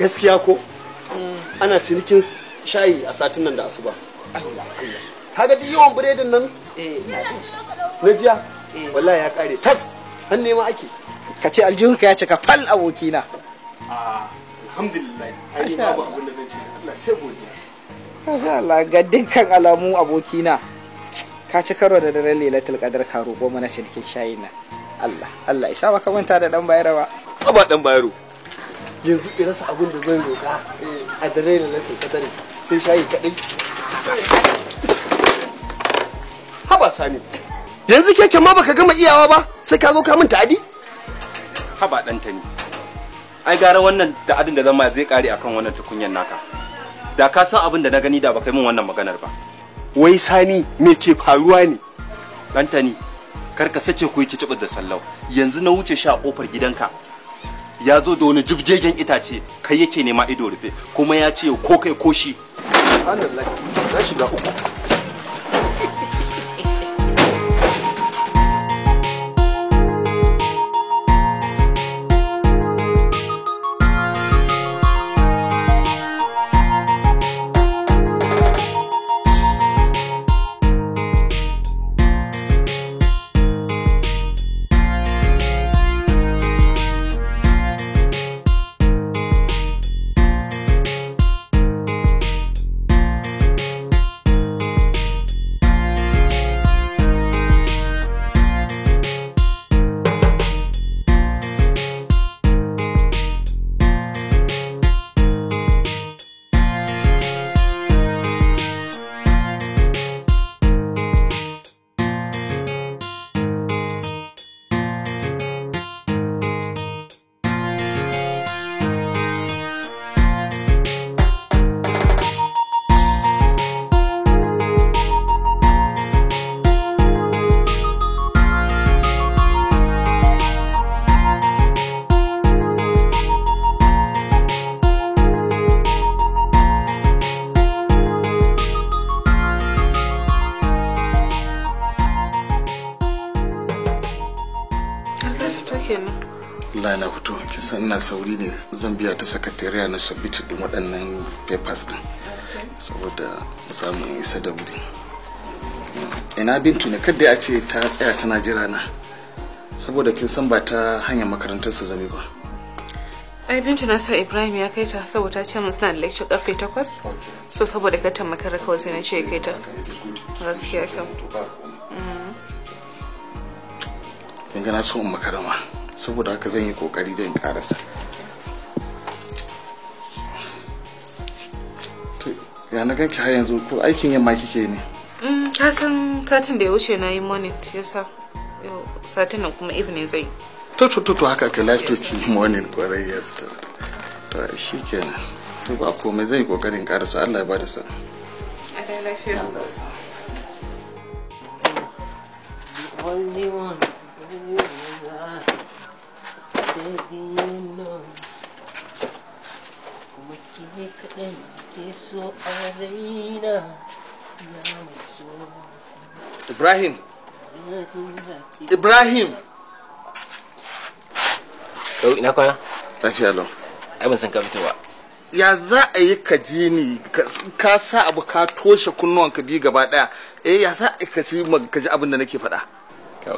gaskiya ko ana cinikin shayi a satin nan da asuba kaga duk yawan biredin nan eh. na jiya eh. wallahi ya kare tas an nema ake ka ce aljihunka ka ya cika fal abokina ah, alhamdulillah ai babu abin da zan ce Allah sai godiya masha Allah ga dukkan alamu abokina ka ci karo da daren lailatul qadar ka roƙo mana cinikin shayin nan Allah Allah isa ba ka manta da dan bayarwa ba ba dan bayaro yanzu in rasa abin da zan roƙa a dare da latin kadari sai shayi kaɗai haba sani yanzu keke ma baka gama iyawa ba sai ka zo ka min ta'adi haba ta ne ai gara wannan ta'adin da zama zai kare akan wannan tukunyan naka da ka san abin da na gani da baka yi min wannan maganar ba wai sani me ke faruwa ne ta ne kar ka sace ku yi kicibin da sallau yanzu na wuce sha kofar gidanka ya zo da wani jibjegen itace kai yake nema ido rufe kuma ya ce ko kai ko shi. shiga uku. zan biya ta sakatariya na submit din waɗannan papers din saboda samun isa da wuri ina bintu ne kadda ya ce ta tsaya tana jira na saboda kin san ba ta hanyar makarantar sa zami ba ai bintu na sa ibrahim ya kai ta saboda ce mun suna da lecture karfe 8 so saboda ka ta makara kawai na ce kai ta gaskiya kam mm. kin ga na so in makarama saboda haka zan yi kokari don karasa ga na ganki har yanzu ko aikin yamma kike ne mm ka san satin da ya wuce na yi morning yasa satin nan kuma evening zai to to to haka ka last week morning kwarai yes to to shikenan to ba komai zai kokarin karasa Allah ya bada sa a Only one, only one, baby, you know. Como é que ibrahim ibrahim yau ina kwana lafiya lau ai ban san ka fito ba ya za a yi ka je ni ka sa abu ka toshe kunnuwan ka biyu gaba daya eh ya za a ka ci ka ji abin da nake faɗa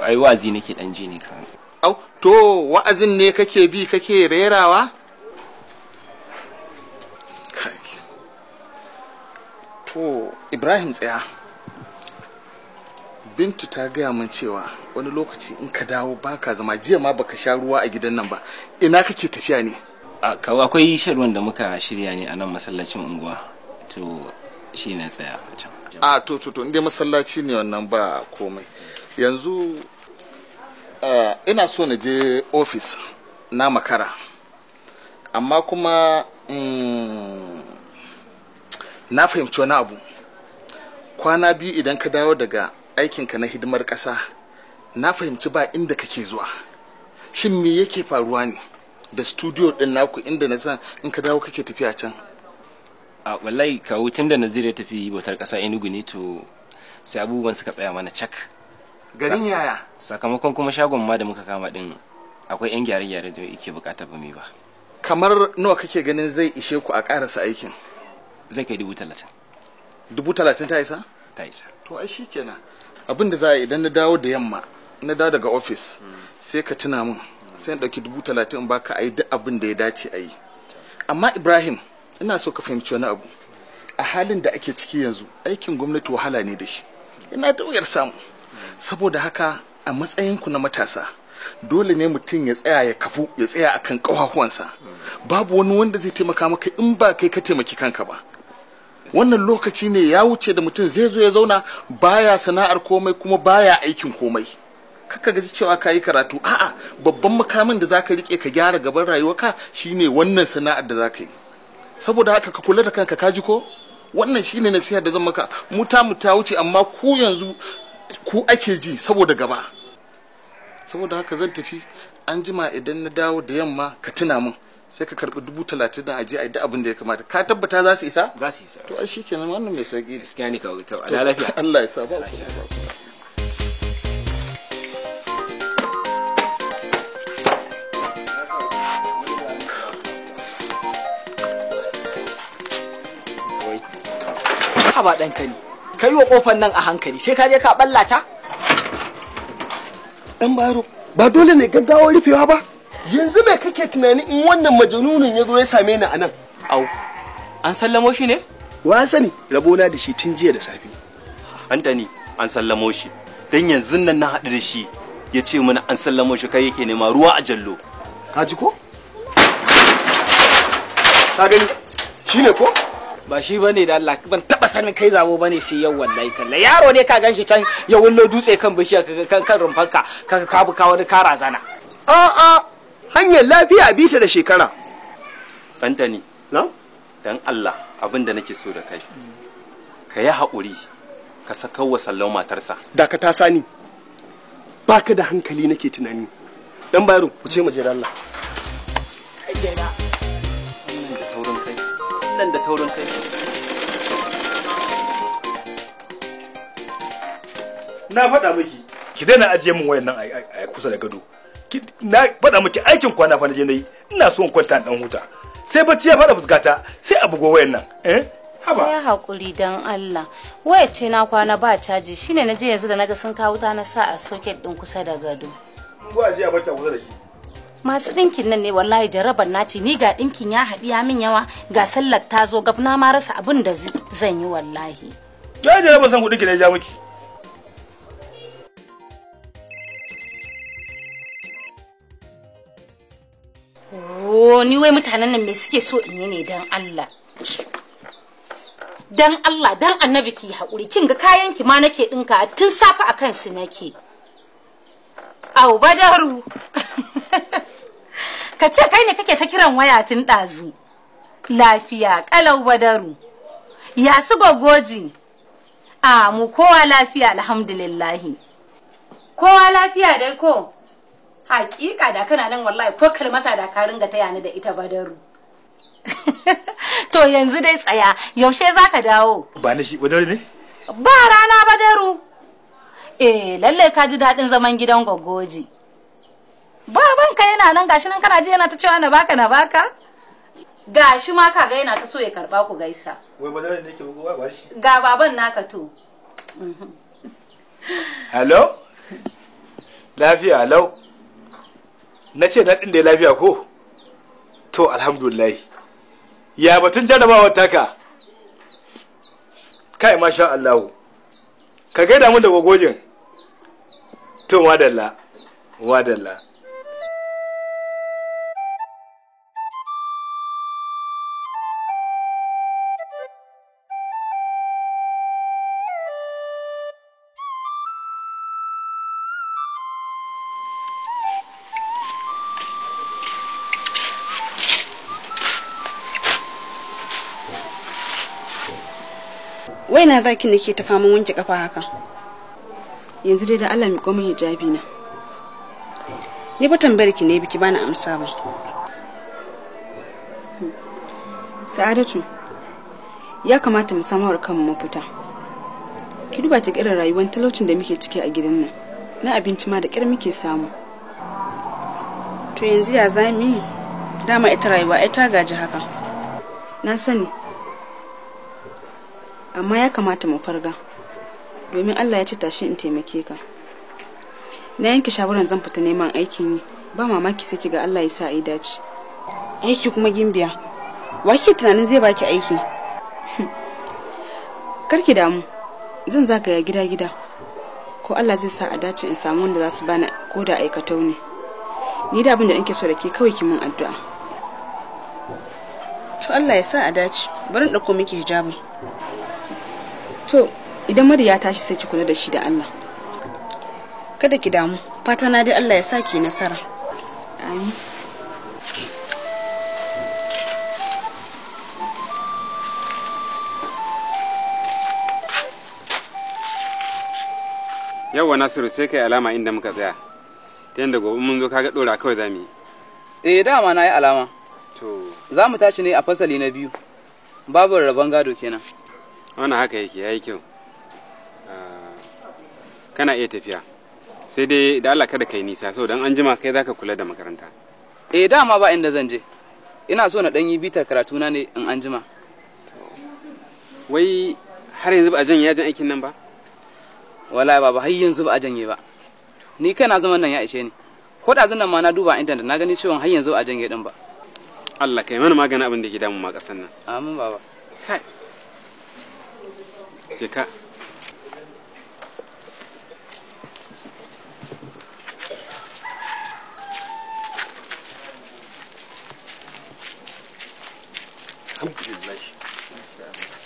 ai wa'azi nake dan je ne ka. au to wa'azin ne kake bi kake rerawa to ibrahim tsaya bintu ta gaya min cewa wani lokaci in ka dawo baka zama jiya ma baka sha ruwa a gidan nan ba ina kake tafiya ne akwai shan da muka shirya ne a nan masallacin unguwa to shi ne tsaya a can a to to to inda masallaci ne wannan ba komai yanzu ina so na je ofis na makara amma kuma mm, na fahimci wani abu kwana biyu idan ka dawo daga aikinka na hidimar kasa na fahimci ba inda kake zuwa shin me yake faruwa ne da studio din naku inda na san in ka dawo kake tafiya can a wallahi ka tun da nazir ya tafi bautar ƙasa enugu ne to sai abubuwan suka tsaya mana cak garin yaya sakamakon kuma shagon ma da muka kama din akwai yan gyare-gyare da yake bukata ba mai ba kamar nawa kake ganin zai ishe ku a karasa aikin zai kai dubu talatin dubu talatin ta isa ta isa to ai shi kenan abin da za a idan na dawo da yamma na dawo daga ofis sai ka tuna min sai na ɗauki dubu talatin in baka a yi duk abin da ya dace a yi amma ibrahim ina so ka fahimci wani abu a halin da ake ciki yanzu aikin gwamnati wahala ne da shi ina da wuyar samu saboda haka a matsayinku na matasa dole ne mutum ya tsaya ya kafu ya tsaya akan ƙafafuwansa babu wani wanda zai taimaka maka in ba kai ka taimaki kanka ba wannan lokaci ne ya wuce da mutum zai zo ya zauna baya sana'ar komai kuma baya aikin komai kaka gaji cewa ka yi karatu a'a babban makamin da zaka rike ka gyara gaban rayuwarka shine wannan sana'ar da zaka yi saboda haka ka kula da kanka ka ji ko wannan shine nasiha da zan maka muta muta wuce amma ku yanzu ku ake ji saboda gaba saboda haka zan tafi an jima idan na dawo da yamma ka tuna min sai ka karbi dubu talatin na aje a yi abin da ya kamata ka tabbata za su isa za su isa to ai shikenan wannan mai sauki gaskiya ne kawai to ala lafiya Allah ya sa ba ku ba ɗan kani ka yi wa ƙofar nan a hankali sai ka je ka ɓallata ɗan baro ba dole ne gaggawa rufewa ba yanzu me kake tunani in wannan majanunin ya zo ya same ni a nan au an sallamo shi ne wa sani rabona da shi tun jiya da safe antani an sallamo shi dan yanzu nan na haɗu da shi ya ce mana an sallamo shi kai yake nema ruwa a jallo ka ji ko ka gani shine ko ba shi ba ne da Allah ban taba sanin kai zabo ba ne sai yau wallahi kalla yaro ne ka ganshi can ya wullo dutse kan bishiya kan kan rumfanka ka ka buka wani kara zana a a hanyar lafiya bita da shekara tsantani don Allah abin da nake so da kai ka yi haƙuri ka sakar wa sallau matarsa da ka tasa ni baka da hankali nake tunani dan bayro ku ce maje da Allah na faɗa miki ki daina ajiye min wayannan a kusa da gado na faɗa miki aikin kwana fa na je na yi ina so in kwanta dan huta sai bacci ya fara fuskata sai a bugo wayan nan eh haba ya hakuri dan Allah waya ce na kwana ba caji shine na yanzu da naga sun kawo ta na sa a socket din kusa da gado gwa ji a bacci kusa da shi masu ɗinkin nan ne wallahi jarabar naci ni ga ɗinkin ya haɗi ya min yawa ga sallar ta zo gabna ma rasa abin da zan yi wallahi ya jarabar san kuɗin ki ne ja miki ni wai mutanen nan me suke so in yi ne dan Allah. Dan Allah dan annabi ki haƙuri kin ga kayan ki ma nake ɗinka tun safa a kansu nake. Awo badaru. ka ce kai ne kake ta kiran waya tun ɗazu. Lafiya ƙalau badaru. Ya su gogoji. A mu kowa lafiya alhamdulillahi. Kowa lafiya dai ko? hakika da kana nan wallahi ko kalmasa da ka ringa taya ni da ita ba daru. to yanzu dai tsaya yaushe zaka dawo ba ni shi badaru ne ba rana ba daru. eh lalle ka ji daɗin zaman gidan goggoji babanka yana nan gashi nan kana ji yana ta cewa na baka na baka gashi ma kaga yana ta so ya karba ku gaisa wai badaru ne yake bugowa ba shi ga baban naka to hello lafiya hello na ce daɗin da ya lafiya ko to alhamdulillah ya batun jarrabawar taka kai masha Allahu ka gaida mu da gogojin to wadalla wadalla ina nake ta faman wanke kafa haka yanzu dai da Allah mi komai hijabi na ni ba tambayar ki ne biki bani amsa ba sa'adatu ya kamata mu samar kanmu mafita ki duba ta irin rayuwar talaucin da muke ciki a gidan nan na abinci ma da kyar muke samu to yanzu ya zami dama ita rayuwa ai ta gaji haka na sani amma ya kamata mu farga domin allah ya ce tashi in taimake ka na yanke shawaran zan fita neman aikin yi ba mamaki sai ga allah ya sa a dace aiki kuma gimbiya wa ke tunanin zai baki aiki karki damu zan zagaya gida-gida ko allah zai sa a dace in samu wanda za su bani ko da aikatau ne ni da abin da nake so da ke kawai ki mun addu'a to allah ya sa a dace bari in ɗauko miki hijabin to idan mari ya tashi sai ki kula da shi da Allah kada ki damu fata na dai Allah ya sa ki nasara amin yawwa nasiru sai kai alama inda muka tsaya ta yadda gobe mun zo kaga dora kawai za mu yi eh dama na yi alama to za mu tashi ne a fasali na biyu babu rabon gado kenan wannan haka yake ya yi kyau ah, kana iya tafiya sai dai da Allah kada kai nisa so don an jima kai ka kula da makaranta eh dama ba inda zan je ina so na dan yi bitar karatu na ne in an jima wai har yanzu ba a janye yajin aikin nan ba ba ba har yanzu ba a janye ba ni kai na zaman nan ya ishe ni ko da zan ma na duba intanet na gani cewa har yanzu ba a janye din ba Allah kai mana magana abin da ke damu ma kasan nan amin baba kai cika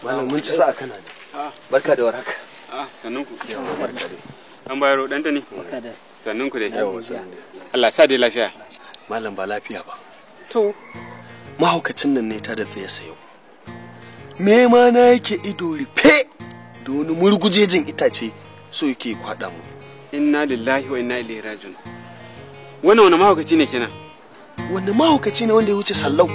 malam mun ci sa'a kana ne ah. barka da warhaka ah sannun ku barka dai an bayaro dan ta ne barka da sannun ku dai yawa sannun Allah sa dai lafiya malam ba lafiya ba to mahaukacin nan ne ta da tsaye sayo me ma na yake ido rufe da wani murgujejin itace so yake kwada mu inna lillahi wa inna ilaihi rajiun wannan wani mahaukaci ne kenan wani mahaukaci ne wanda ya wuce sallau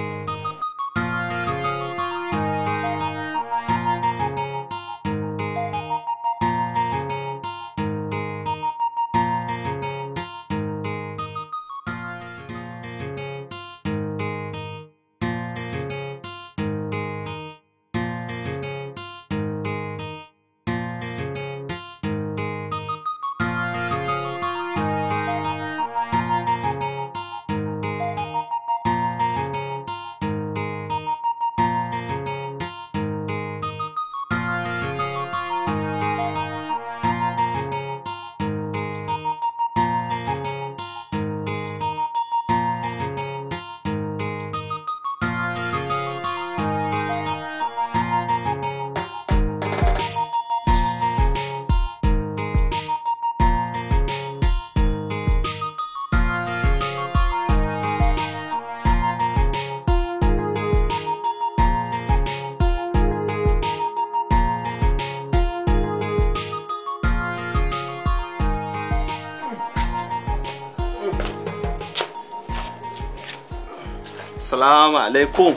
Assalamu alaikum.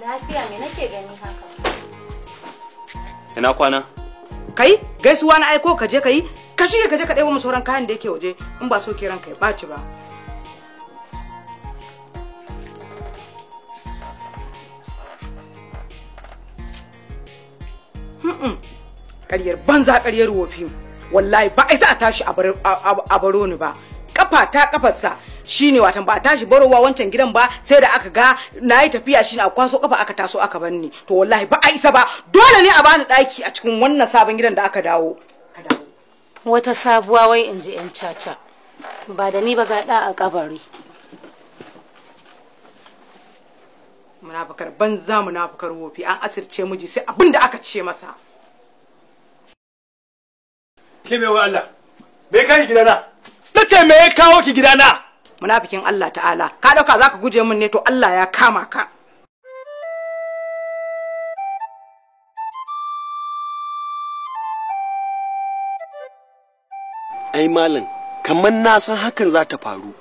Lafiya me nake gani haka? Ina kwana? Kai gaisuwa na aiko ka je kai ka shige ka je ka ɗebo mu sauran kayan da yake waje in ba so ke ranka ya ɓaci ba. Ƙaryar banza ƙaryar wofi wallahi ba a isa a tashi a baro ni ba kafa ta kafarsa shine watan ba a tashi barowa wancan gidan ba sai da aka ga na yi tafiya shine a kwaso kafa aka taso aka banni to wallahi ba a isa ba dole ne a bani daki a cikin wannan sabon gidan da aka dawo wata sabuwa wai in ji yan caca ba da ni ba ga da a kabari munafukar banza munafukar wofi an asirce miji sai abin da aka ce masa ke Allah me kai gidana na ce me ya kawo ki gidana munafikin Allah ta'ala ka dauka zaka guje min ne to Allah ya kama ka ai malam kamar na san hakan za ta faru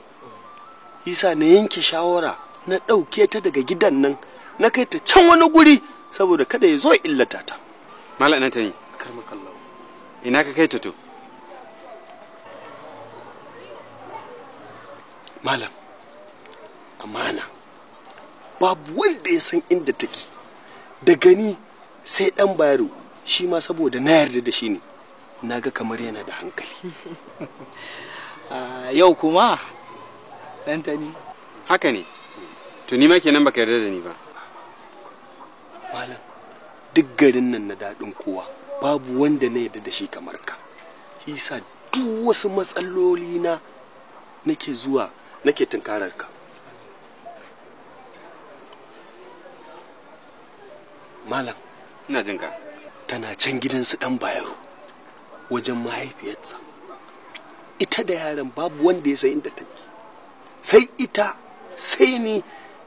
isa na yanke shawara na ɗauke ta daga gidan nan na kai ta can wani guri saboda kada ya zo illata ta malam ina ta yi ina ka kai ta to malam amana babu wanda ya san inda take da gani sai dan bayaro shi ma saboda na yarda da shi ne na ga kamar yana da hankali ah, yau kuma tani. haka ne to ni ma kenan baka yarda da ni ba malam duk garin nan na daɗin kowa babu wanda na yarda da shi kamar ka isa duk wasu matsaloli na nake zuwa nake tunkarar ka malam ina jin ka tana can gidansu dan bayaro wajen mahaifiyarsa ita da yaran babu wanda ya san da take sai ita sai ni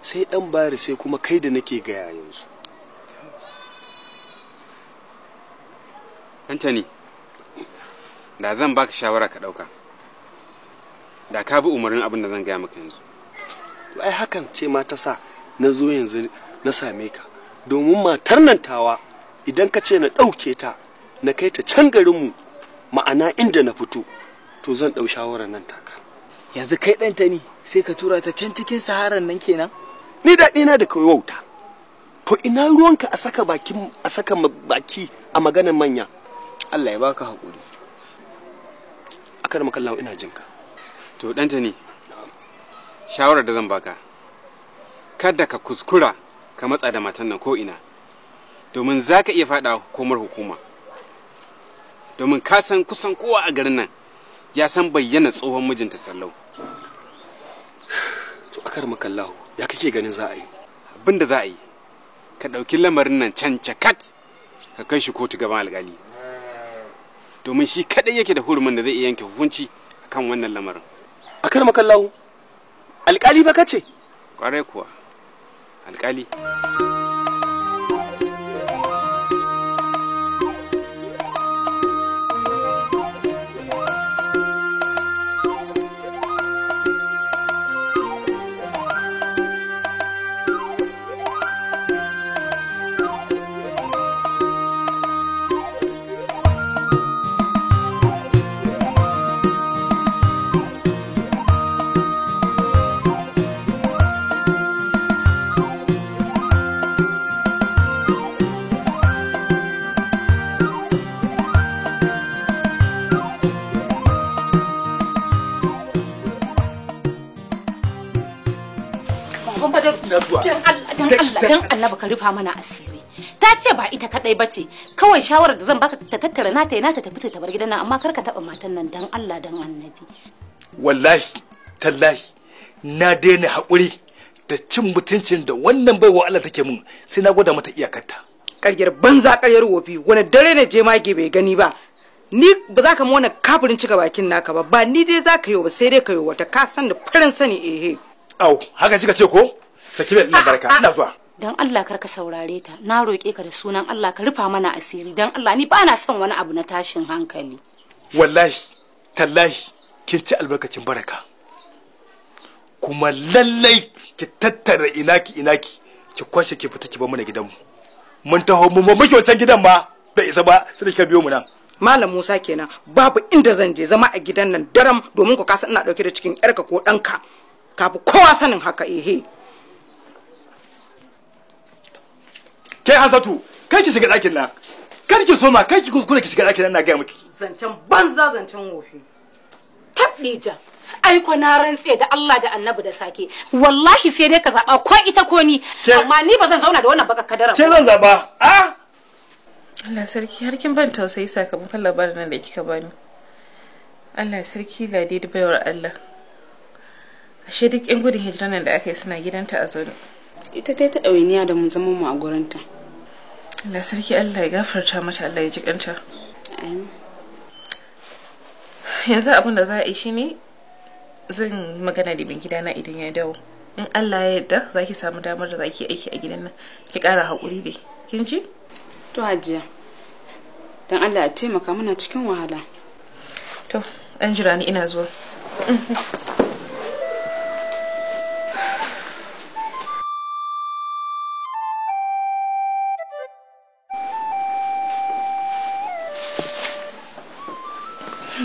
sai dan bayaro sai kuma kai da nake gaya yanzu da zan baka shawara ka ɗauka. da ka bi umarnin abin da zan gaya maka yanzu to ai hakan ce ma ta sa na zo yanzu na same ka domin matar nan tawa idan ka ce na ɗauke ta na kai ta can garinmu ma'ana inda na fito to zan ɗau shawarar nan taka yanzu kai ɗanta ni sai ka tura ta can cikin saharan nan kenan ni daɗi na da kai wauta to ina ruwanka a saka baki a saka baki a maganar manya Allah ya baka haƙuri akar makallawa ina jinka to ɗanta ne shawarar da zan baka kada ka kuskura ka matsa da matan nan ko'ina domin za ka iya faɗa hukumar hukuma domin ka san kusan kowa a garin nan ya san bayyana tsohon mijinta sallau to akar makallahu ya kake ganin za a yi abin da za a yi ka ɗauki lamarin nan can cakat ka kai shi kotu gaban alƙali domin shi kaɗai yake da hurumin da zai iya yanke hukunci akan wannan lamarin akar kar makallahu alkali ba kace kwarai kuwa alkali Allah dan Allah ka rufa mana asiri ta ce ba ita kadai bace kawai shawarar da zan baka ta tattara nata yana ta tafi ta bar gidan amma kar ka taba matan nan dan Allah dan annabi wallahi tallahi na daina hakuri da cin mutuncin da wannan baiwa Allah take mun sai na gwada mata iyakarta karyar banza karyar wofi wani dare ne je mage bai gani ba ni ba za ka mu wani kafirin cika bakin naka ba ba ni dai za ka yi ba sai dai ka yi wata ka san da farin sani ehe au haka kika ce ko sakina ina barka ah, ah, ah. ina zuwa dan Allah kar ka saurare ta na roƙe ka da sunan Allah ka rufa mana asiri dan Allah ni ba na son wani abu na tashin hankali wallahi tallahi kin ci albarkacin baraka kuma lallai ki tattara inaki inaki ki kwashe ki fita ki bar mana gidanmu mun taho mu muke wancan gidan ba da isa ba sai kika biyo mu nan Malam Musa kenan babu inda zan je zama a gidan nan daram domin ku kasa ina dauke da cikin yarka ko danka kafi kowa sanin haka ehe. kai hasatu kai ki shiga ɗakin nan kar ki soma kai ki kuskure ki shiga ɗakin nan na gaya miki zancen banza zancen wofi tabdija ko na rantse da Allah da Annabi da sake wallahi sai dai ka zaba ko ita ko ni amma ni ba zan zauna da wannan baka kadara ce zan zaba a Allah sarki har kin ban tausayi sakamakon labarin nan da kika bani Allah sarki ga dai bayar Allah ashe duk yan gudun hijira nan da aka yi suna gidanta a zaune ita ta ta ɗawainiya da mu zama mu a gurinta ta Allah sarki Allah ya gafarta mata Allah ya ji Yanzu abin da za a yi shi ne zan magana da bin gidana idan ya dawo. In Allah ya yarda za ki samu damar da za ki aiki a gidan nan ki ƙara haƙuri dai. Kin ji? To hajiya. Don Allah ya taimaka muna cikin wahala. To, ɗan jira ni ina zuwa.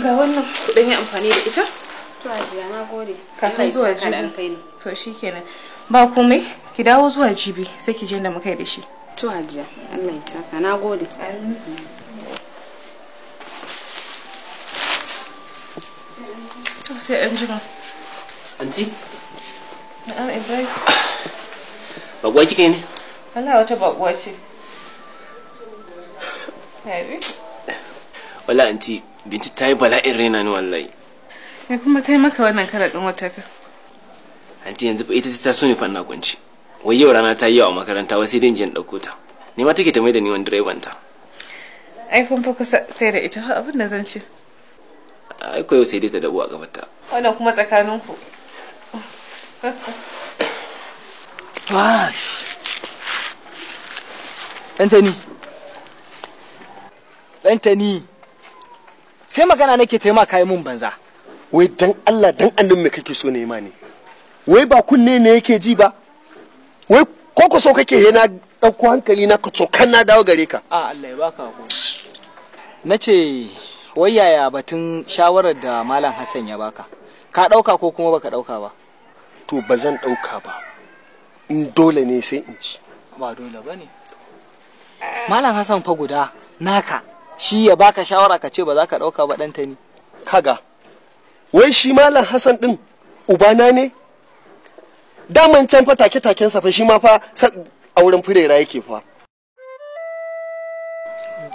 ga wannan kudin yi amfani da ita to jiya na gode kafin zuwa jibi to shi kenan ba komai ki dawo zuwa jibi sai ki je da muka yi da shi to jiya Allah ya saka na gode to sai an jima anti na'am ibrahim bakuwa kike ne wallahi wata bakuwa ce Wala anti binti ta yi bala'in raina ni wallahi me kuma ta yi maka wannan kada ɗin wata ka anti yanzu ita ta so ni fanna kunci wai yau rana ta yi yawa makaranta wasu din jin ɗauko ta ni ma take ta mai da ni wani direban ta ai kun fa kusa kai da ita abin da zan ce ai ko yau sai dai ta dabu a gabata wannan kuma tsakanin ku Ɗantani! Ɗantani! sai magana nake taimaka yi mun banza wai dan Allah dan annin me kake so nema ne wai ba kunne ne yake ji ba wai ko ko so kake yana ɗauko hankali na ka tsokan na dawo gare ka a Allah ya baka hakuri na ce wai yaya batun shawarar da malam Hassan ya baka ka ɗauka ko kuma baka ɗauka ba to ba zan ɗauka ba in dole ne sai in ci ba dole bane malam Hassan fa guda naka shi ya baka shawara ka ce ba za ka ɗauka ba ɗanta ne kaga wai shi malam hassan ɗin ubana ne daman can fa take-takensa fa shi ma fa a wurin firera yake fa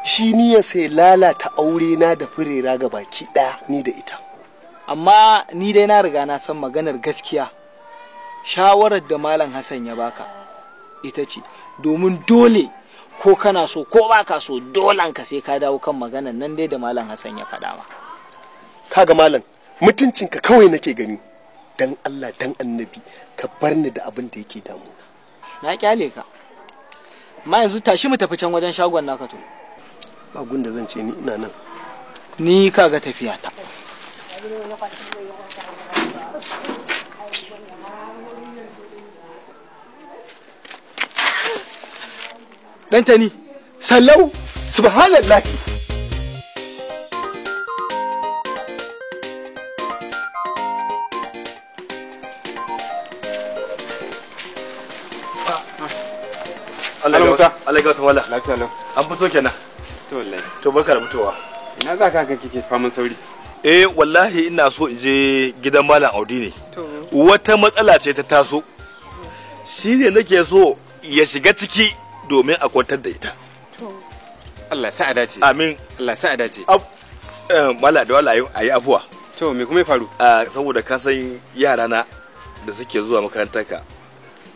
shi ni ya sai lalata aure na da firera ga baki ɗaya ni da ita amma ni dai na riga na san maganar gaskiya shawarar da malam hassan ya baka ita ce domin dole ko kana so ko ba ka so dolan ka sai ka dawo kan maganan nan dai da malam hassan ya faɗa ma kaga malam mutuncinka kawai nake gani dan allah dan annabi ka bar ni da abin da yake damu na kyale ka ma yanzu tashi mu tafi can wajen shagon naka to ba gunda zan ce ni ina nan ni kaga tafiya ta ɗantani sallau subhanallah Allah ya Allah ya wala. Lafiya lau. An fito kenan. To wallahi. To barka da fitowa. Ina za ka kike faman sauri? Eh wallahi ina so in je gidan Malam Audi ne. Wata matsala ce ta taso. Shi ne nake so ya shiga ciki domin a kwantar da ita Allah sa a dace amin Allah sa a dace eh, mala da wala a yi afuwa to me kuma ya faru ah, saboda ka san yara na da suke zuwa makarantar ka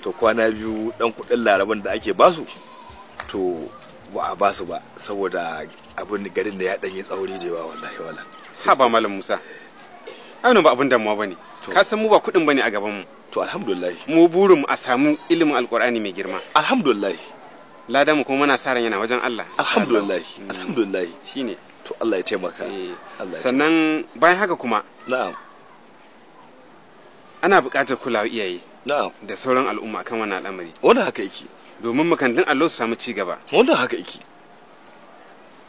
to kwana biyu dan kudin laraban da ake basu to ba a basu ba saboda abin garin da ya danyi tsauri da yawa wallahi wala ha ba malam musa ainihin ba abin damuwa ba ne ka san mu ba kuɗin ba ne a gabanmu to alhamdulillah mu burin a samu ilimin alkur'ani mai girma alhamdulillah ladan mu kuma muna sa ran yana wajen Allah alhamdulillah alhamdulillah mm. shine to Allah ya taimaka eh, sannan bayan haka kuma na'am ana buƙatar kulawa iyaye na'am da sauran al'umma kan wannan al'amari wannan haka yake domin makarantun allo su samu ci gaba wannan haka yake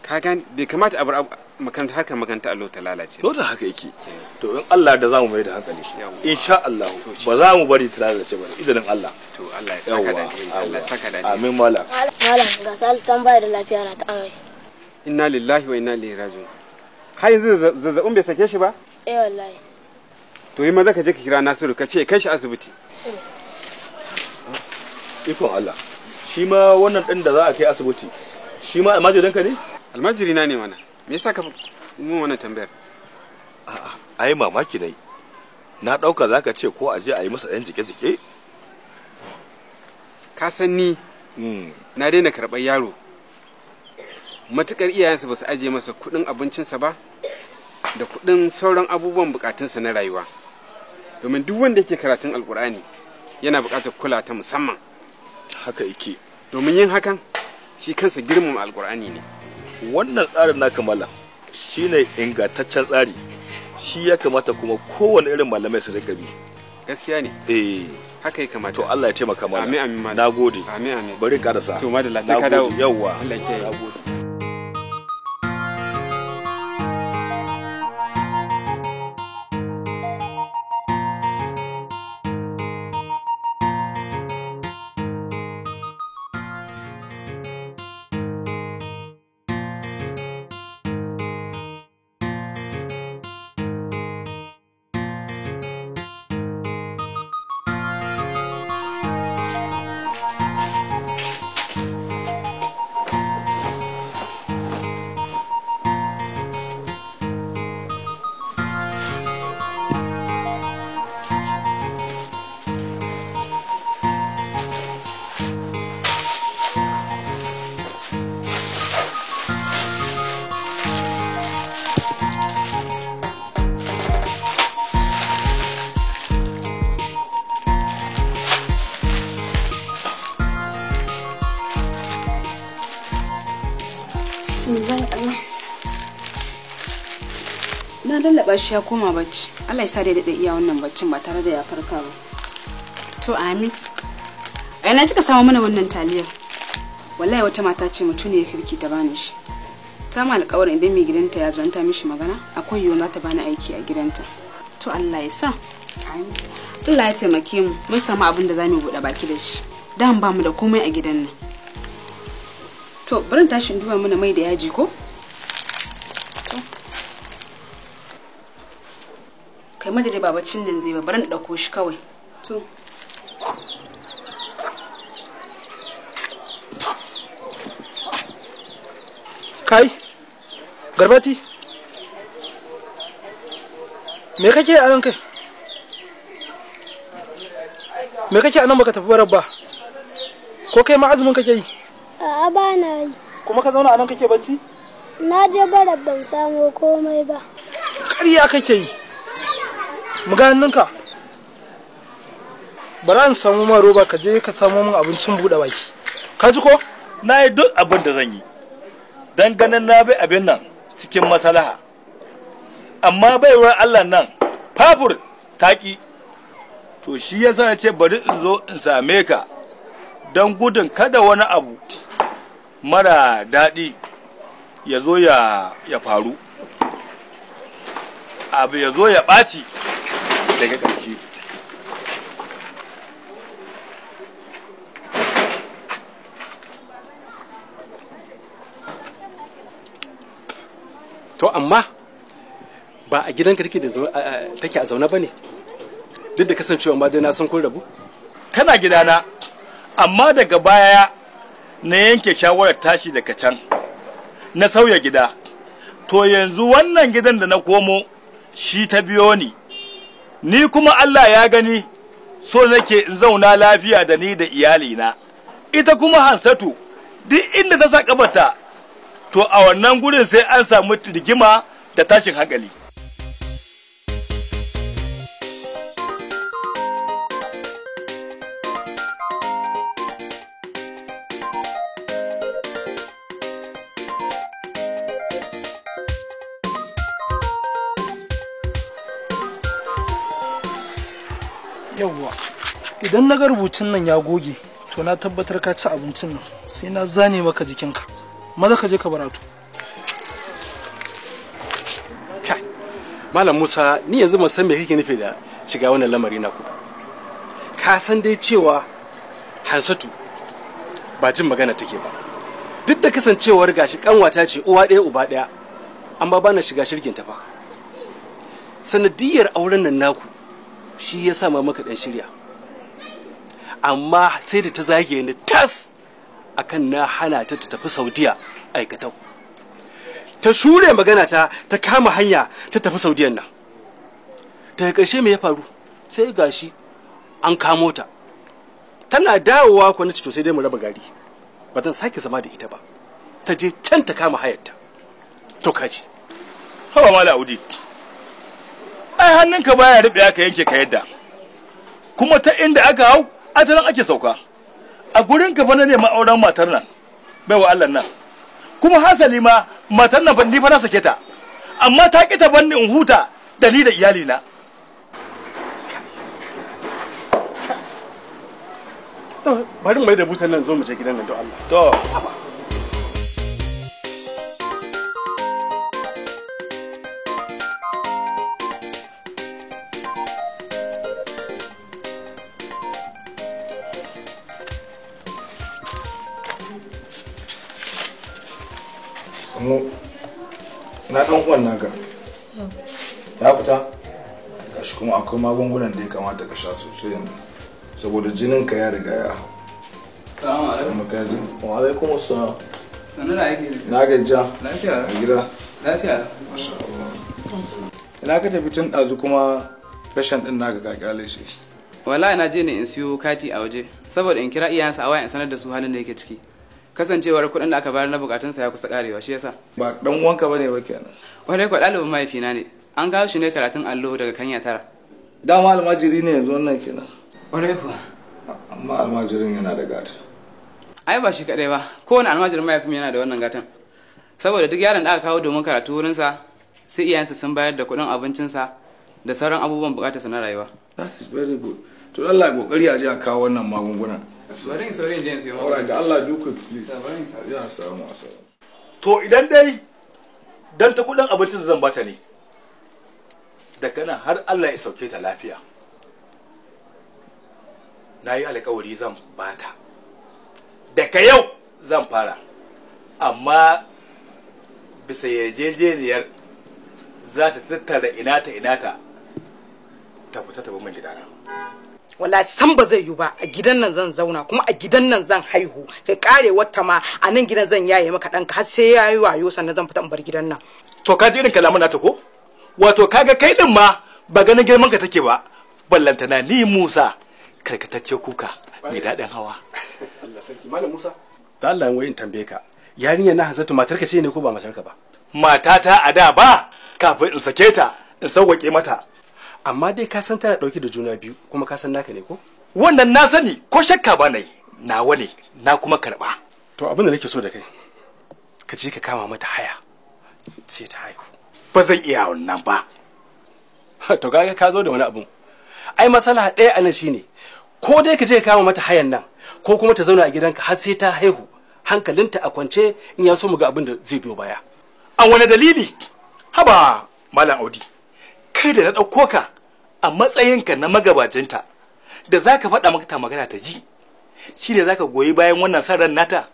ka ga bai kamata a bar makaranta harkar makaranta Allah ta lalace ba wannan haka yake to in Allah da zamu mai da hankali insha Allah ba za mu bari ta lalace ba idan Allah to Allah ya saka da alheri Allah ya saka da alheri amin malam malam ga sal can bai da lafiya na ta amai inna lillahi wa inna ilaihi raji'un har yanzu zazzabin bai sake shi ba eh wallahi to yi maza ka je ka kira Nasiru ka ce kai shi asibiti eh. ikon Allah shi ma wannan din da za a kai asibiti shi ma almajirin ka ne almajiri na ne mana me yasa ka mun wannan tambayar a'a ai mamaki dai na ɗauka za ka ce ko a je a yi masa ɗan jike-jike ka san ni hmm. na daina karɓar yaro matuƙar iyayensa ba su ajiye masa kuɗin abincinsa ba da kuɗin sauran abubuwan bukatunsa na rayuwa domin duk wanda yake karatun alkur'ani yana buƙatar kula ta musamman haka yake domin yin hakan shi kansa girmama alkur'ani ne wannan tsarin na kamala ne ingantaccen tsari shi ya kamata kuma kowane irin malamai su rika bi gaskiya ne eh haka yi kamata to Allah ya taimaka mana amin amin na gode amin amin bari ka da sa to madalla sai ka dawo yawwa Allah ya kiyaye lallaba shi ya koma bacci Allah ya sa dai daɗe iya wannan baccin ba tare da ya farka ba to amin a yana kika samu mana wannan taliyar wallahi wata mata ce mutum ne ya kirki ta bani shi ta ma alƙawarin idan mai gidanta ya zanta mishi magana akwai yiwu za ta bani aiki a gidanta to Allah ya sa Allah ya taimake mu mun samu abin da za mu buɗe baki da shi dan bamu da komai a gidan nan to barin tashin duba mana mai da yaji ko game da dai ba baccin nan zai ba bari na ɗauko shi kawai to kai garbati me kake a nan kai me kake a nan baka tafi barar ba ko kai ma azumin kake yi a'a ba na yi kuma ka zauna a nan kake bacci na je barar ban samo komai ba ƙarya kake yi mu ga hannunka bari an samu ma roba ka je ka samu min abincin buɗe baki ka ji ko na yi duk abin da zan yi don ganin na bai abin nan cikin masalaha amma baiwar allah nan fafur taƙi to shi ya sana ce bari in zo in same ka don gudun kada wani abu mara daɗi ya zo ya faru abu ya zo ya ɓaci daga ƙarshe to amma ba a gidanka take a zaune ba ne duk da kasancewa ba dai na san kun tana gidana amma daga baya na yanke shawarar tashi daga can na sauya gida to yanzu wannan gidan da na komo shi ta biyo ni ni kuma Allah ya gani so nake in zauna lafiya da ni da iyalina ita kuma hansatu duk inda ta sa to a wannan gurin sai an samu rigima da tashin hankali idan na ga rubutun nan ya goge to na tabbatar ka ci abincin nan sai na zane maka jikinka maza ka je ka baratu malam musa ni yanzu ban san me kake nufi da shiga wannan lamari na ku ka san dai cewa hansatu ba jin magana take ba duk da kasancewar gashi kanwata ce uwa ɗaya uba ɗaya amma bana shiga shirkin ta fa sanadiyar auren nan naku shi ya sa ma maka dan shirya amma sai da ta zage ni tas akan na hana ta ta tafi saudiya aikatau ta shure magana ta ta kama hanya ta tafi saudiyan nan daga ƙarshe me ya faru sai gashi an kamo ta tana dawowa kuwa na to sai dai mu raba gari ba zan sake zama da ita ba ta je can ta kama hayarta to kaji hawa mala audi ai hannunka baya rubewa aka yanke ka yadda kuma ta inda aka hau a tana ake sauka a gurin ka fana na neman auren matar nan bai wa Allah nan kuma hasali ma matar nan ban fana sake ta amma ta ki ta banni in huta da da iyali na bari mai da butan nan zo mu je gidan nan don Allah to mu na dan uwan naka ya fita gashi kuma akwai magungunan da ya kamata ka sha sosai yanzu saboda jinin ka ya riga ya hau salamu alaikum wa alaikum assalam sannu da ake na gajja lafiya a gida lafiya masha Allah ina ka tafi tun ɗazu kuma fashion din naka ka kyale shi wallahi na je ne in siyo kati a waje saboda in kira iyayensa a waya in sanar da su halin da yake ciki kasancewar kuɗin da aka bayar na bukatunsa ya kusa karewa shi yasa ba dan wanka bane ba kenan kwarai kwa ɗalibin mahaifina ne an kawo shi ne karatun allo daga kanya tara dama almajiri ne yanzu wannan kenan Wani kuwa amma almajirin yana da gata ai ba shi kadai ba kowane almajirin mahaifin yana da wannan gatan saboda duk yaron da aka kawo domin karatu wurinsa sai iyayensa sun bayar da kuɗin abincinsa da sauran abubuwan bukatarsa na rayuwa that is very good to Allah ya kokari a je a kawo wannan magungunan to idan dai dan ta kudin abincin da zan bata ne da kana har Allah ya sauke ta lafiya na yi alkawari zan bata daga yau zan fara amma bisa yarjejeniyar za ta tattara inata inata ta fita ta bi gidana. wala san ba zai yi ba a gidan nan zan zauna kuma a gidan nan zan haihu kai kare wata ma a nan gidan zan yaye maka ɗanka har sai yi wayo sannan zan fita in bar gidan nan to ka ji irin kalaman nata ko wato kaga kai din ma ba ganin girman ka take ba ballantana ni Musa karkatacce kuka mai daɗin hawa Allah sarki malam Musa da Allah in wayin tambaye ka yarinya na Hazatu matarka ce ne ko ba matarka ba matata a da ba kafin in sake ta in sauwake mata amma dai ka san tana dauke da juna biyu kuma ka san naka ne ko wannan na sani ko shakka ba na yi nawa ne na kuma karba to abin da nake so da kai ka je ka kama mata haya sai ta haihu ba zan iya wannan ba to ga ka zo da wani abu ai masala ɗaya a nan shine ko dai ka je ka kama mata hayan nan ko kuma ta zauna a gidanka har sai ta haihu hankalinta a kwance in ya so mu ga abin da zai biyo baya a wani dalili haba malam audi kai da na ɗauko ka a matsayinka na magabacinta da za ka faɗa maka magana ta ji shi ne za ka goyi bayan wannan san nata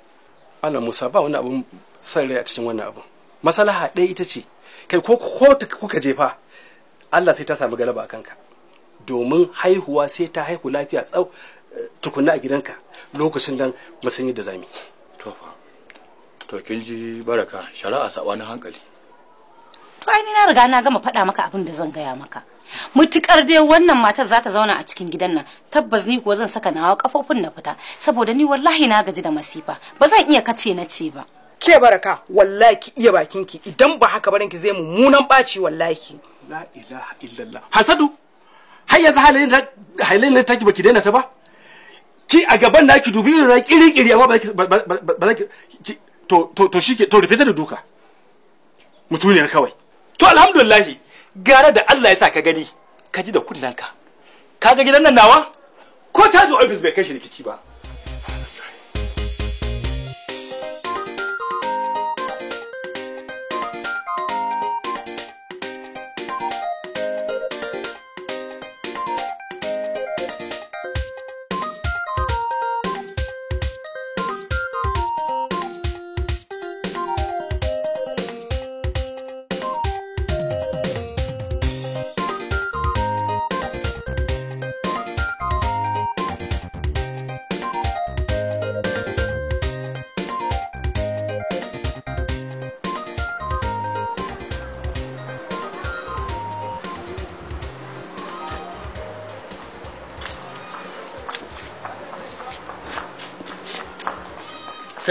ana musa ba wani abin san a cikin wannan abin masalaha ɗaya ita ce kai ko kuka jefa allah sai ta sami galaba a kanka domin haihuwa sai ta haihu lafiya tsau tukunna a gidanka lokacin nan musan da zami to kin ji baraka shari'a sabanin hankali to ai ni na riga na gama faɗa maka abin da zan gaya maka mutukar dai wannan matar za ta zauna a cikin gidan nan tabbas ni kuwa zan saka nawa kafofin na fita saboda ni wallahi na gaji da masifa ba zan iya kace na ce ba ke baraka wallahi ki iya bakin ki idan ba haka barin ki zai mummunan baci wallahi la ilaha illallah hasadu har yanzu halayen da taki baki daina ta ba ki a gaban na ki dubi irin kiri kiri amma ba za ki to to to shike to rufe da duka mutuniyar kawai to alhamdulillah gara da Allah ya sa ka gani ka ji da kunnanka kaga gidan nan nawa ko ta zo ofis bai kai shi rikici ba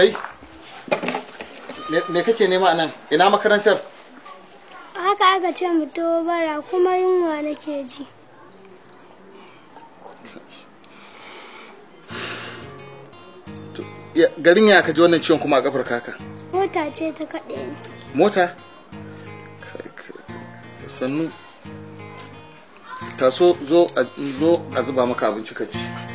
kai me kake nema anan ina makarantar haka aka ce mu to bara kuma yunwa nake ji garin ya ka ji wannan ciwon kuma a kafar kaka mota ce ta kaɗe ni mota sannu taso zo a zuba maka abinci ka ci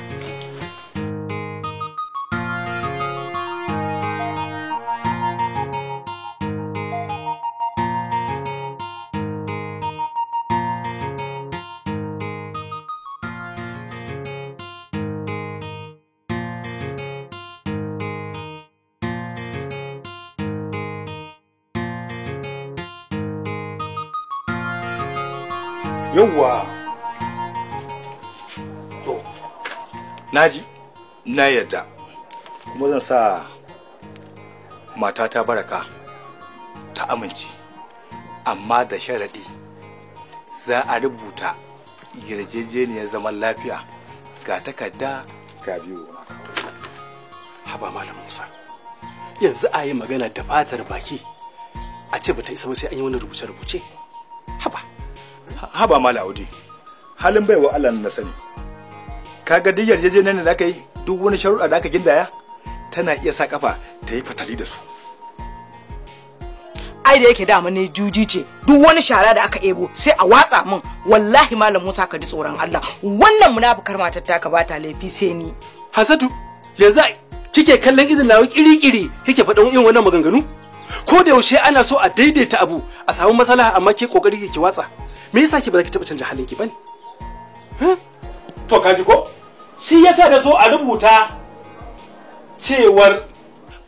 naji na yarda kuma zan sa matata baraka ta amince amma da sharaɗi za a rubuta yarjejeniyar zaman lafiya ga takarda ga biyu haba malam musa yanzu a yi magana da fatar baki a ce bata isa ba sai an yi wani rubuce-rubuce haba haba malam audi halin baiwa allah na sani kaga duk yarjejeniyar da aka yi duk wani sharuɗa da aka gindaya tana iya sa kafa ta yi fatali da su ai da yake dama ne juji ce duk wani shara da aka ebo sai a watsa min wallahi malam Musa ka ji tsoron Allah wannan munafukar matar ta ka bata laifi sai ni Hasatu yanzu kike kallon idan lawo kiri-kiri kike faɗin wani wannan maganganu ko da yaushe ana so a daidaita abu a samu masalaha amma ke kokari kike watsa me yasa ki ba za ki taɓa canja halin ki bane hmm? to kaji ko shi yasa da so a rubuta cewar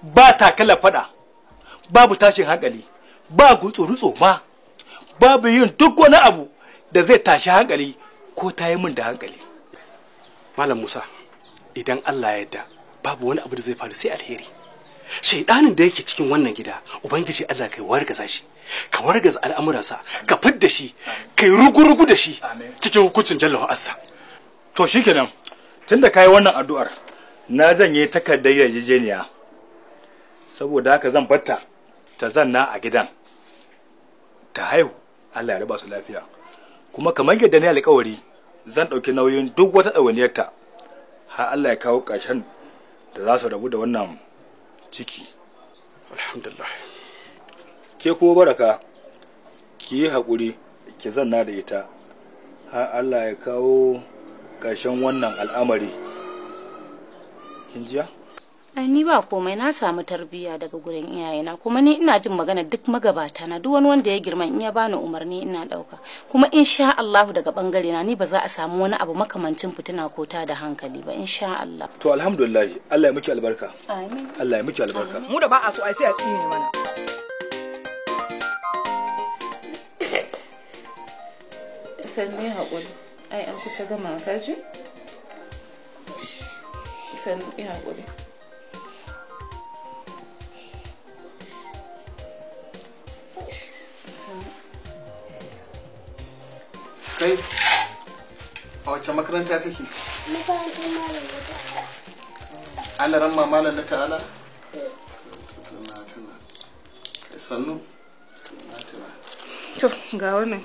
ba takala fada babu tashin hankali ba rutso ma babu yin duk wani abu da zai tashi hankali ko ta yi min da hankali malam musa idan allah ya yarda babu wani abu da zai faru sai alheri shaidanin da yake cikin wannan gida ubangiji allah kai wargaza shi ka wargaza al'amuransa ka fidda shi kai rugu-rugu da shi cikin hukuncin jallahu assa to shikenan tunda kai wannan addu'ar na zanye takardar yarjejeniya saboda haka zan batta ta zanna a gidan ta haihu Allah ya raba su lafiya kuma kamar yadda ni alƙawari zan ɗauki nauyin duk wata ɗawainiyarta har Allah ya kawo ƙarshen da za su rabu da wannan ciki alhamdulillah ke ko baraka ki yi haƙuri ki zanna da ita har Allah ya kawo ƙarshen wannan al'amari kin jiya ai ni ba komai na samu tarbiyya daga gurin iyayena kuma ni ina jin magana duk magabata na duk wani wanda ya girma in ya bani umarni ina dauka kuma insha Allah daga bangare na ni ba za a samu wani abu makamancin fitina ko ta da hankali ba insha Allah to alhamdulillah Allah ya miki albarka amin Allah ya miki albarka mu da ba a so ai sai a tsine mana ne hakuri ai an kusa gama kaji san ina gobe kai a wacce makaranta kake makarantar malam na ta'ala alaran ma na ta'ala sannu to ga wannan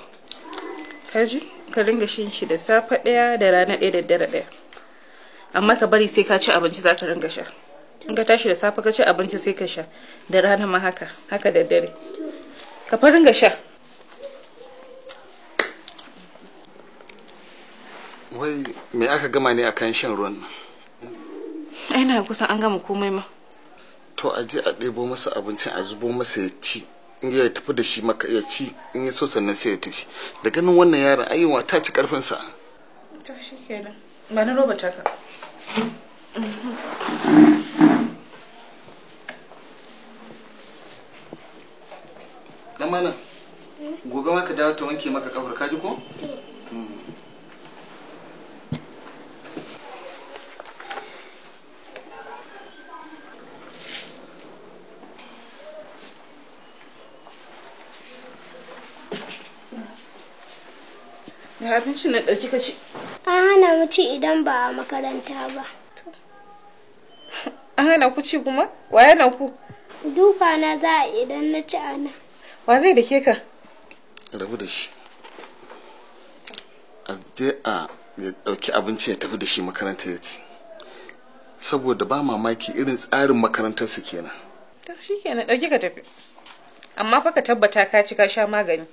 kaji ka ringa shin shi da safe ɗaya da rana ɗaya da dare ɗaya amma ka bari sai ka ci abinci za ka ringa sha in ka tashi da safe ka ci abinci sai ka sha da rana ma haka haka da dare ka fa ringa sha wai me aka gama ne akan shan ruwan nan ai na kusan an gama komai ma to a je a ɗebo masa abincin a zubo masa ya ci in ya tafi da shi maka ya ci in ya so sannan sai ya tafi da ganin wannan yaron ayyuwa ta ci sa to shi kenan ba na roba ka dan mana gobe ma ka dawo ta wanke maka kafar kaji ko Da abincin na ɗauki ka ci. An hana mu ci idan ba a makaranta ba. An hana ku ci kuma? Wa yana ku? Duka na za a idan na ci ana. Wa zai da ke ka? Rabu da shi. A je a ya ɗauki abinci ya tafi da shi makaranta ya ci. Saboda ba mamaki irin tsarin makarantar su kenan. Ta shi kenan ɗauki ka tafi. Amma fa ka tabbata ka ci ka sha magani.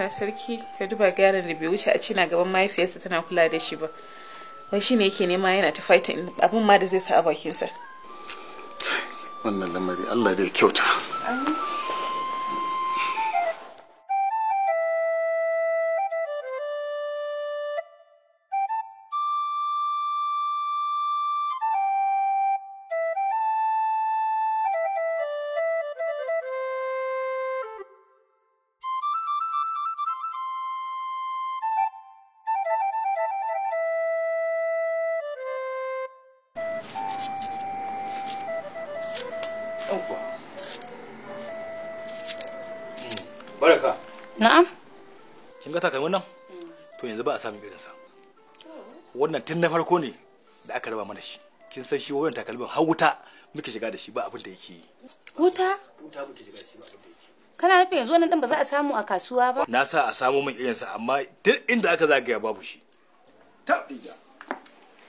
Allah sarki ka duba yaron da bai wuce a cina na gaban mahaifiyarsa tana kula da shi ba wai shine yake nema yana ta fighting abin ma da zai sa a bakinsa wannan lamari Allah dai kyauta amin ga kai wannan to yanzu ba a samu irin sa wannan tun na farko ne da aka raba mana shi kin san shi wannan takalmin har wuta muke shiga da shi ba abin da yake yi wuta wuta muke shiga da shi ba abin da kana nufin yanzu wannan din ba za a samu a kasuwa ba na sa a samu min irin sa amma duk inda aka zagaya babu shi ta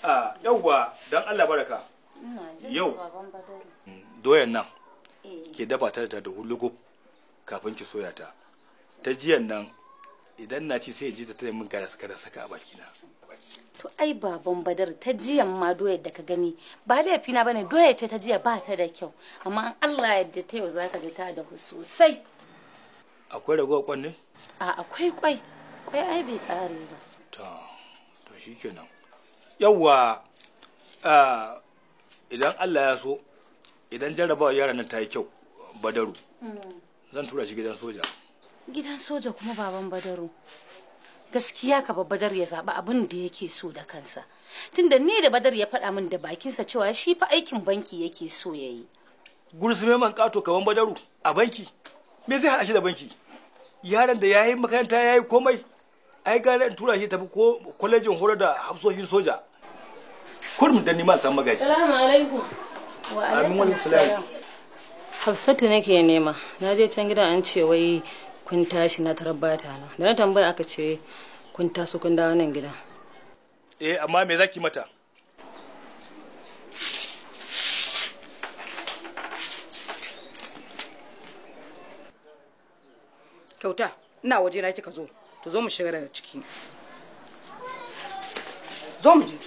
a yauwa dan Allah baraka yau mm, doyan nan eh. ke dafa ta da hulugub kafin ki soya ta ta jiyan nan idan na ci sai ji ta taimun min garas garas saka a bakina to ai baban badar ta jiya ma doyar da ka gani ba laifi na bane doya ce ta jiya ba ta da kyau amma Allah yadda ta yau zaka ji ta da sosai akwai ragowar kwan ne a akwai kwai kwai ai bai kare ba to to shikenan yawwa idan Allah ya so idan jarrabawar yaran nan ta yi kyau badaru mm. zan tura shi gidan soja gidan soja kuma baban badaru gaskiya ka badar ya zaɓi abin da yake so da kansa tunda ni da badar ya faɗa min da bakinsa cewa shi fa aikin banki yake so ya yi gursume man kato kaman badaru a banki me zai haɗa shi da banki yaran da ya yi makaranta ya yi komai ai gane in tura shi tafi ko kwalejin horar da hafsoshin soja kurum da ma san magaji salamu alaikum wa alaikum salam hafsatu nake nema na je can gidan an ce wai kun tashi na tarbata na da na tambaya aka ce kun taso kun dawo nan gida eh amma me zaki mata kyauta ina waje na kika zo to zo mu shiga daga ciki zo mu je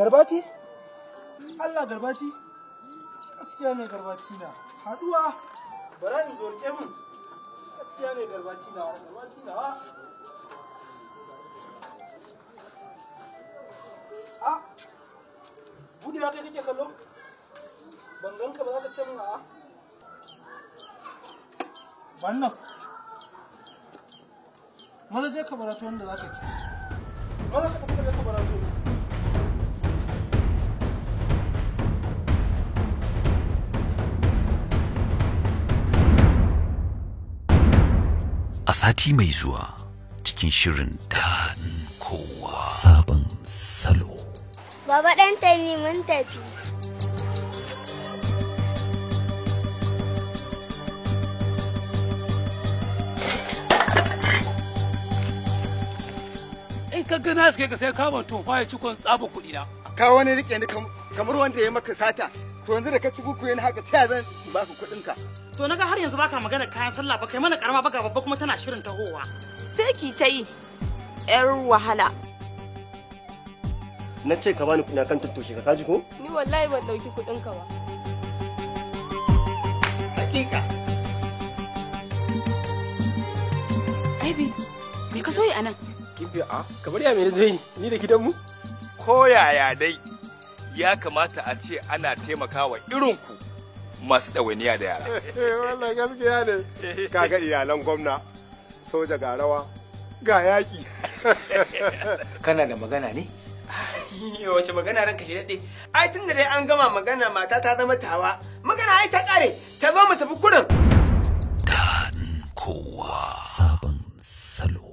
garbati allah garbati gaskiya ne garbati na haduwa bara in zo mun min gaskiya ne garbati na garbati na a ah! bude ya kai nake kallo ban ganka ba za ka ce min a'a wannan maza je ka barato wanda za ka ci maza ka tafi sati mai zuwa cikin shirin daɗin kowa sabon salo baba ɗan tani mun tafi in ka gana suke ka sai kama tofa ya cikon tsaba kuɗi na ka wani rike ni kamar wanda ya maka sata to yanzu da ka ci kuku yana haka ta zan baka kuɗinka To naga har yanzu baka magana kayan sallah ba kai mana karama baka babba kuma tana shirin tahowa. Sai ki ta yi yar wahala. Na ce ka bani kuɗi kan tattoshe ka kaji ko? Ni wallahi ban dauki kuɗin ka ba. Hakika. Aibi, me ka so yi anan? Kibi a, kamar ya me zo yi ni da gidanmu? Ko yaya dai, ya kamata a ce ana taimakawa irinku. masu ɗawainiya da yara eh, wannan gaskiya ne kaga iyalan gwamna soja ga rawa ga yaƙi kana da magana ne wace magana ranka shi daɗe ai tun da dai an gama magana mata ta zama tawa magana ai ta ƙare ta zo mu tafi kurin kowa sabon salo